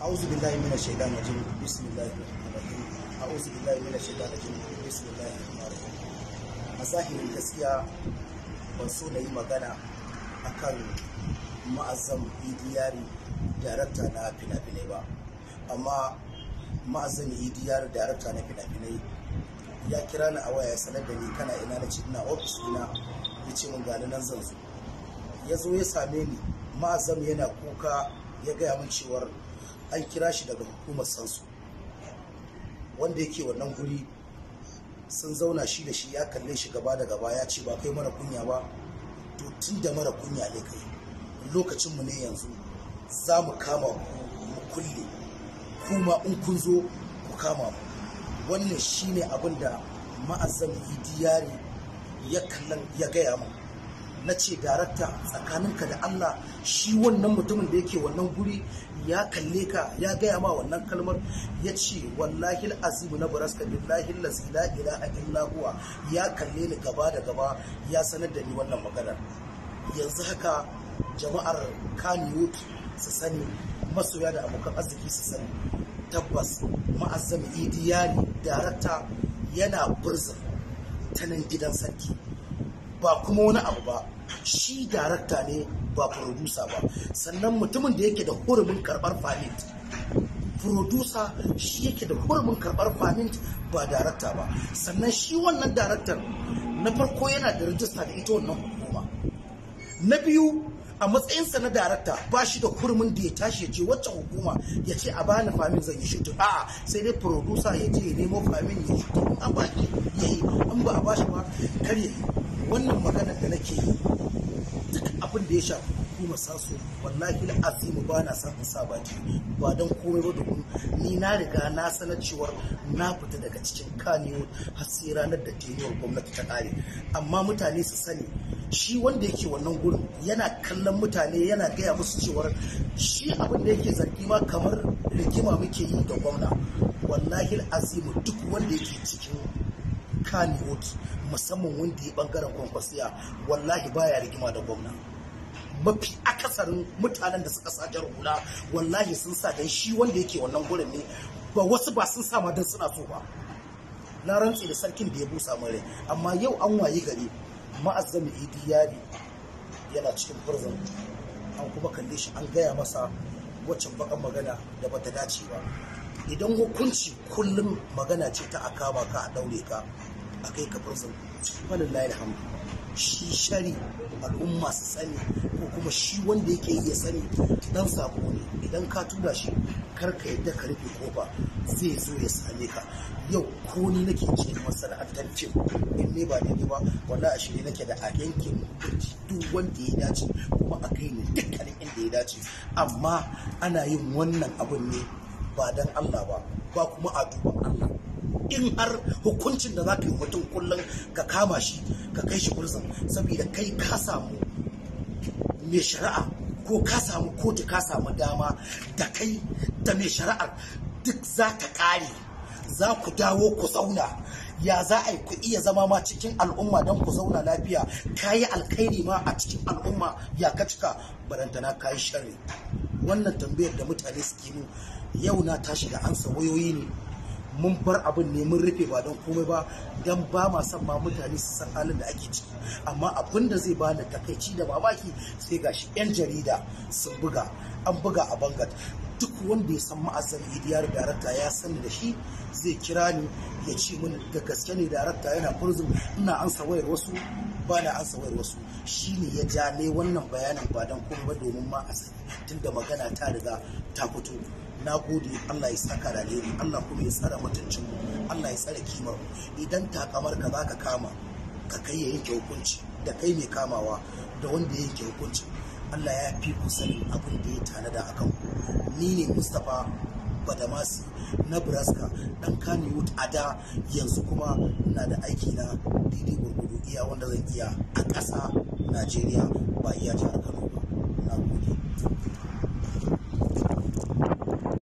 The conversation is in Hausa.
أعوذ بالله من الشيطان الرجيم بسم الله الرحمن الرحيم أعوذ بالله من الشيطان الرجيم بسم الله الرحمن الرحيم a zahirin gaskiya ban so na yi magana akan ma'azam idiyari darakta na fina-finai ba amma ma'azam idiyar darakta na fina-finai ya kira ni a waya sanar da ni kana ina na ce ina ofis ina ya ce mun ya zo ya same ni ma'azam yana kuka ya gaya min cewar an kira shi daga hukumar sansu wanda yake wannan guri sun zauna shi da shi ya kalle shi gaba da gaba ya ce ba kai mara kunya ba to tun da mara kunya ne kai lokacinmu ne yanzu za mu kama mu kulle kuma in kun zo ku kama mu wannan shine abin da ma'azan idiyari ya gaya mu na ce darakta tsakaninka da Allah shi wannan mutumin da yake wannan guri ya kalle ka ya gaya ma wannan kalmar ya ce wallahi azimu na baraska billahi la ilaha illa huwa ya kalle ni gaba da gaba ya sanar da ni wannan maganar yanzu haka jama'ar Kano su sani masoya da abokan arziki su sani tabbas ma'azzam idiyali darakta yana burzin tanin gidan sarki ba kuma wani abu ba shi darakta ne ba producer ba sannan mutumin da yake da hurumin karbar famint, producer shi yake da hurumin karbar famint ba darakta ba sannan shi wannan daraktan na farko yana da rajista da ita wannan hukuma na biyu a matsayinsa na darakta ba shi da kurmin da ya tashi ya ce wacce hukuma ya ce a bani famin zan yi shutin a'a sai dai producer ya ce ya nemo famin ya shutin an ba ke ya yi an ba a ba shi ba kar wannan maganar da nake yi duk abin da ya shafi hukumar sasu wallahi da azimu ba na san sa ba don komai ba domin ni na riga na sanar cewa na fita daga cikin kaniyo har sai ranar da teniyar gwamnati ta kare amma mutane su sani shi wanda yake wannan gurin yana kallon mutane yana gaya musu cewar shi abin da yake zargi ma kamar rigima muke yi da gwamna wallahi azimu duk wanda yake cikin kaniyo musamman wanda ya bangaren kwankwasiya wallahi baya rigima da gwamna mafi akasarin mutanen da suka sajar hula wallahi sun sa dan shi wanda yake wannan gurin ne ba wasu ba sun sa ma dan suna so ba na rantse da sarkin da ya busa min rai amma yau an wayi gari ma'azzami idi yadi yana cikin prison an kuma kalle shi an gaya masa waccan bakan magana da bata dace ba idan hukunci kullum magana ce ta akaba ka a daure ka a kai ka prison walillahi shi shari al'umma su sani ko kuma shi wanda yake iya sani dan sako ne idan ka tura shi kar ka yadda ka rufe kofa zai zo ya same ka yau ko ni nake ce masana'antarci fim in ne ba daidai ba wanda a shirye nake da a yankin duk wanda ya dace kuma a kai ne dukkanin inda ya dace amma ana yin wannan abun ne ba dan Allah ba ba kuma a duban Allah in har hukuncin da za ka yi mutum kullum ka kama shi ka kai shi kurzan saboda kai ka samu mai shari'a ko ka samu kotu ka samu dama da kai da mai shari'ar duk za ka ƙare za ku dawo ku zauna ya za a yi ku iya zama ma cikin al'umma don ku zauna lafiya ka yi alkhairi ma a cikin al'umma ya ka cika barantana ka yi sharri wannan tambayar da mutane suke min yau na tashi da ansa wayoyi ne mun bar abin ne mun rufe ba don komai ba don ba ma san ma mutane su san halin da ake ciki amma abin da zai bani takaici da mamaki sai ga gashi yan jarida sun buga an buga a bangat duk wanda ya san ma'azin idiyar darakta ya sani da shi zai kira ni ya ce min da gaske ne darakta yana kurzum ina ansa wayar wasu ba na ansa wayar wasu Shi ne ya ja ne wannan bayanin ba don komai ba domin ma'azin tunda magana ta riga ta fito na gode Allah ya saka da Allah kuma ya tsara mutuncin Allah ya tsara kimar idan takamar ka zaka kama ka kai ya yanke hukunci da kai mai kamawa da wanda ya yanke hukunci Allah ya fi ku sanin abin da ya tanada akan ku ni ne Mustapha Badamasi na Braska dan Kannywood a da yanzu kuma ina da aiki na daidai gurgudu iya wanda zan iya a ƙasa Najeriya ba iya jihar Kano ba na gode